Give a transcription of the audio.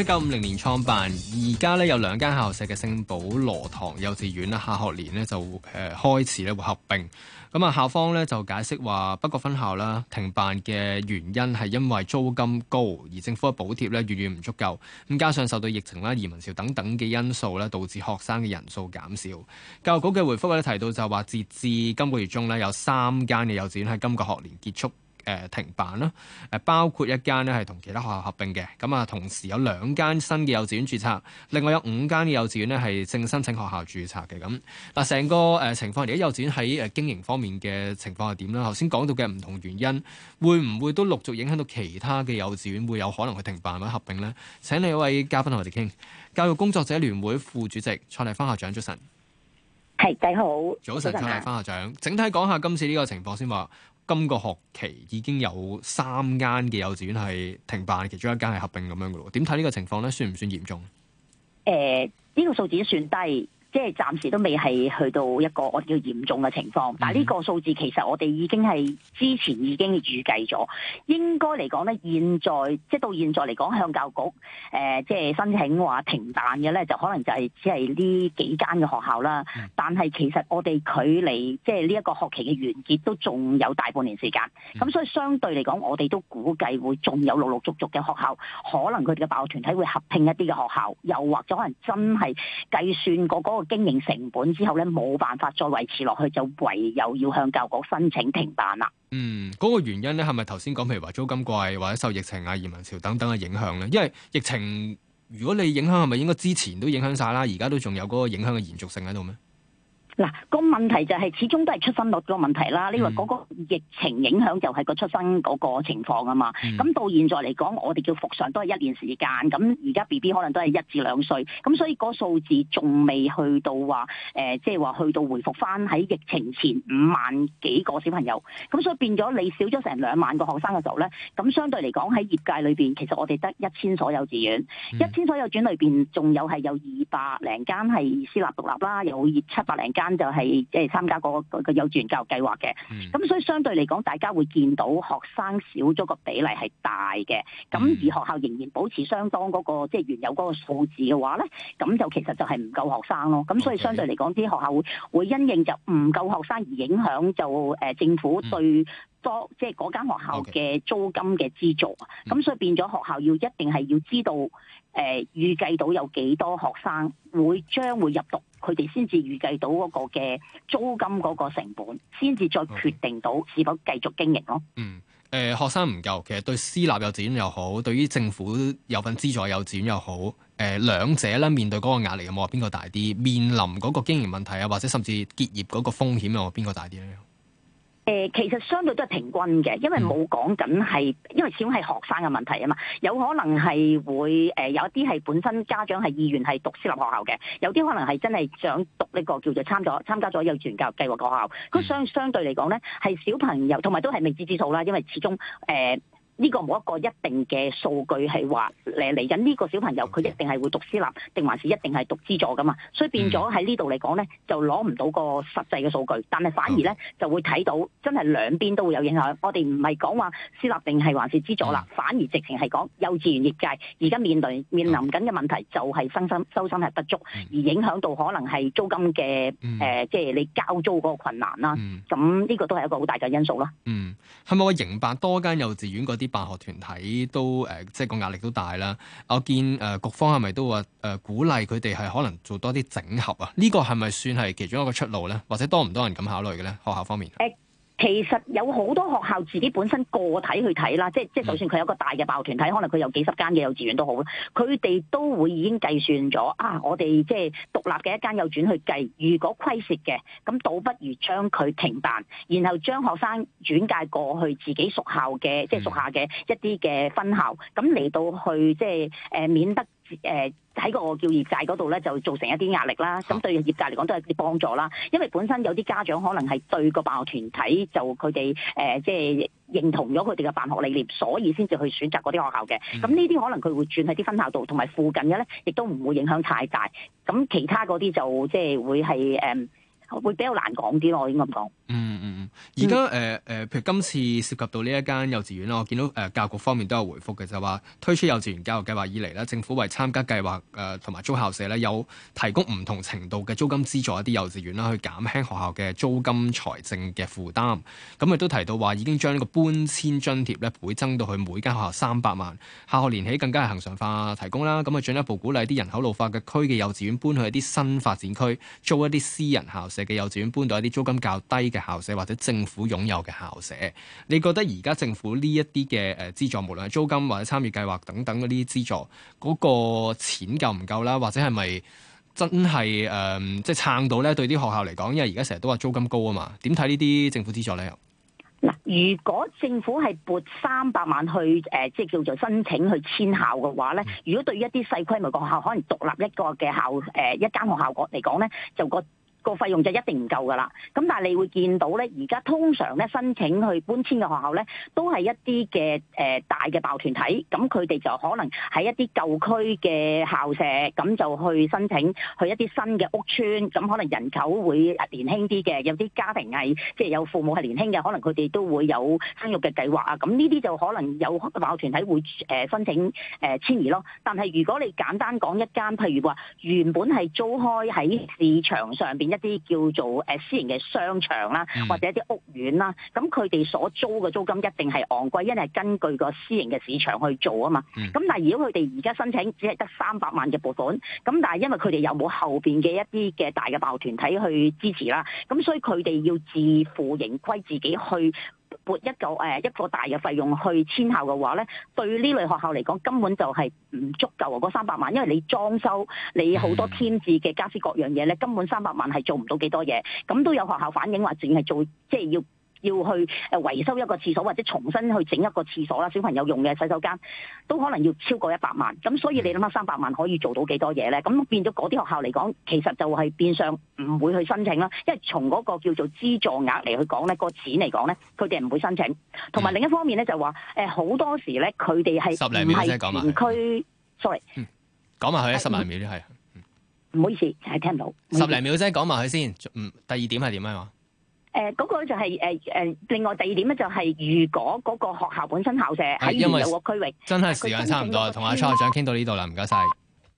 一九五零年創辦，而家咧有兩間校舍嘅聖保羅堂幼稚園啦，下學年咧就誒開始咧會合併。咁啊校方咧就解釋話，不過分校啦停辦嘅原因係因為租金高，而政府嘅補貼咧遠遠唔足夠。咁加上受到疫情啦、移民潮等等嘅因素啦，導致學生嘅人數減少。教育局嘅回覆咧提到就話，截至今個月中咧有三間嘅幼稚園喺今個學年結束。誒，停辦啦！誒，包括一間咧，係同其他學校合併嘅，咁啊，同時有兩間新嘅幼稚園註冊，另外有五間嘅幼稚園咧係正申請學校註冊嘅。咁嗱，成個誒情況而家幼稚園喺誒經營方面嘅情況係點咧？頭先講到嘅唔同原因，會唔會都陸續影響到其他嘅幼稚園會有可能去停辦或者合併呢？請你一位嘉賓同我哋傾，教育工作者聯會副主席蔡麗芳校長早晨，係大家好，早晨蔡麗芳校長，整體講下今次呢個情況先話。今個學期已經有三間嘅幼稚園係停辦，其中一間係合併咁樣噶咯。點睇呢個情況咧？算唔算嚴重？誒、欸，呢、這個數字算低。即、就、係、是、暫時都未係去到一個我哋叫嚴重嘅情況，但係呢個數字其實我哋已經係之前已經預計咗。應該嚟講咧，現在即係到現在嚟講，向教局誒，即係申請話停辦嘅咧，就可能就係只係呢幾間嘅學校啦。但係其實我哋距離即係呢一個學期嘅完結都仲有大半年時間，咁所以相對嚟講，我哋都估計會仲有陸陸續續嘅學校，可能佢哋嘅教育團體會合併一啲嘅學校，又或者可能真係計算嗰、那個。個經營成本之後咧，冇辦法再維持落去，就唯有要向教育局申請停辦啦。嗯，嗰個原因咧，係咪頭先講，譬如話租金貴，或者受疫情啊、移民潮等等嘅影響咧？因為疫情，如果你影響係咪應該之前都影響晒啦，而家都仲有嗰個影響嘅延續性喺度咩？嗱個問題就係始終都係出生率個問題啦。你話嗰個疫情影響就係個出生嗰個情況啊嘛。咁、嗯、到現在嚟講我哋叫復常都係一年時間，咁而家 B B 可能都係一至兩歲，咁所以嗰個數字仲未去到話誒、呃、即係話去到回復翻喺疫情前五萬幾個小朋友。咁所以變咗你少咗成兩萬個學生嘅時候咧，咁相對嚟講喺業界裏邊其實我哋得一千所幼稚園，一千所幼稚園裏邊仲有係有二百零間係私立獨立啦，有二七百零間。就係即係參加嗰個幼稚園教育計劃嘅，咁、嗯、所以相對嚟講，大家會見到學生少咗個比例係大嘅，咁而學校仍然保持相當嗰、那個即係、就是、原有嗰個數字嘅話咧，咁就其實就係唔夠學生咯，咁所以相對嚟講，啲學校會會因應就唔夠學生而影響就誒、呃、政府對、嗯。多即係嗰間學校嘅租金嘅資助，咁、okay. 所以變咗學校要一定係要知道，誒預計到有幾多學生會將會入讀，佢哋先至預計到嗰個嘅租金嗰個成本，先至再決定到是否繼續經營咯。嗯，誒、呃、學生唔夠，其實對私立幼稚園又好，對於政府有份資助幼稚園又好，誒、呃、兩者咧，面對嗰個壓力有冇話邊個大啲？面臨嗰個經營問題啊，或者甚至結業嗰個風險有冇話邊個大啲咧？誒，其實相對都係平均嘅，因為冇講緊係，因為始終係學生嘅問題啊嘛，有可能係會誒、呃、有一啲係本身家長係意願係讀私立學校嘅，有啲可能係真係想讀呢個叫做參咗參加咗幼稚園教育計劃嘅學校，咁相相對嚟講咧，係小朋友同埋都係未知之數啦，因為始終誒。呃呢、這個冇一個一定嘅數據係話誒嚟緊呢個小朋友佢一定係會讀私立，定還是一定係讀資助噶嘛？所以變咗喺呢度嚟講咧，就攞唔到個實際嘅數據，但係反而咧、嗯、就會睇到真係兩邊都會有影響，我哋唔係講話私立定係還是資助啦、嗯，反而直情係講幼稚園業界而家面對面臨緊嘅、嗯、問題就係生生收生係不足、嗯，而影響到可能係租金嘅誒即係你交租嗰個困難啦。咁呢個都係一個好大嘅因素啦。嗯，係咪可以營辦多間幼稚園嗰啲？辦學團體都誒、呃，即係個壓力都大啦。我見誒，呃、局方係咪都話誒、呃，鼓勵佢哋係可能做多啲整合啊？呢、呢個係咪算係其中一個出路呢？或者多唔多人咁考慮嘅呢？學校方面。其實有好多學校自己本身個體去睇啦，即係即係，就算佢有個大嘅爆團體，可能佢有幾十間嘅幼稚園都好，佢哋都會已經計算咗啊，我哋即係獨立嘅一間幼稚園去計，如果虧蝕嘅，咁倒不如將佢停辦，然後將學生轉介過去自己屬校嘅、嗯，即係屬下嘅一啲嘅分校，咁嚟到去即係呃、免得。誒、呃，喺個叫業界嗰度咧，就造成一啲壓力啦。咁對業界嚟講都係啲幫助啦，因為本身有啲家長可能係對個辦學團體就佢哋誒，即、呃、係、就是、認同咗佢哋嘅辦學理念，所以先至去選擇嗰啲學校嘅。咁呢啲可能佢會轉喺啲分校度，同埋附近嘅咧，亦都唔會影響太大。咁其他嗰啲就即係、就是、會係誒。呃會比較難講啲，我應該咁講。嗯嗯嗯，而家誒誒，譬、呃、如今次涉及到呢一間幼稚園啦，我見到誒教育局方面都有回覆嘅，就話推出幼稚園教育計劃以嚟咧，政府為參加計劃誒同埋租校舍咧，有提供唔同程度嘅租金資助一啲幼稚園啦，去減輕學校嘅租金財政嘅負擔。咁亦都提到話已經將呢個搬遷津貼咧，會增到去每間學校三百萬。下學年起更加係恆常化提供啦。咁啊進一步鼓勵啲人口老化嘅區嘅幼稚園搬去一啲新發展區租一啲私人校舍。嘅幼稚園搬到一啲租金較低嘅校舍，或者政府擁有嘅校舍，你覺得而家政府呢一啲嘅誒資助，無論係租金或者參與計劃等等嗰啲資助，嗰、那個錢夠唔夠啦？或者係咪真係誒、呃、即係撐到咧？對啲學校嚟講，因為而家成日都話租金高啊嘛，點睇呢啲政府資助咧？嗱，如果政府係撥三百萬去誒，即、呃、係叫做申請去遷校嘅話咧，如果對於一啲細規模嘅學校，可能獨立一個嘅校誒、呃、一間學校嚟講咧，就個。這個費用就一定唔夠㗎啦，咁但係你會見到咧，而家通常咧申請去搬遷嘅學校咧，都係一啲嘅誒大嘅爆團體，咁佢哋就可能喺一啲舊區嘅校舍，咁就去申請去一啲新嘅屋邨，咁可能人口會年輕啲嘅，有啲家庭係即係有父母係年輕嘅，可能佢哋都會有生育嘅計劃啊，咁呢啲就可能有爆團體會誒申請誒遷、呃、移咯。但係如果你簡單講一間，譬如話原本係租開喺市場上邊。一啲叫做誒私營嘅商場啦，或者一啲屋苑啦，咁佢哋所租嘅租金一定係昂貴，因為根據個私營嘅市場去做啊嘛。咁但係如果佢哋而家申請只係得三百萬嘅撥款，咁但係因為佢哋又冇後邊嘅一啲嘅大嘅爆團體去支持啦，咁所以佢哋要自負盈虧，自己去。撥一嚿誒一個大嘅費用去遷校嘅話咧，對呢類學校嚟講根本就係唔足夠。嗰三百萬，因為你裝修你好多添置嘅傢俬各樣嘢咧，根本三百萬係做唔到幾多嘢。咁都有學校反映話，淨係做即係要。要去誒維修一個廁所，或者重新去整一個廁所啦，小朋友用嘅洗手間都可能要超過一百萬。咁所以你諗下，三百萬可以做到幾多嘢咧？咁變咗嗰啲學校嚟講，其實就係變相唔會去申請啦，因為從嗰個叫做資助額嚟去講咧，個錢嚟講咧，佢哋唔會申請。同埋另一方面咧，就話誒好多時咧，佢哋係十零秒啫講區去？Sorry，講埋佢十零秒啫。係、嗯。唔好意思，係聽唔到十零秒啫。講埋佢先。第二點係點啊？誒、呃、嗰、那個就係誒誒，另外第二點咧就係、是，如果嗰個學校本身校舍喺原有區域，因為因為真係時間差唔多，同阿蔡校長傾到呢度啦，唔該晒。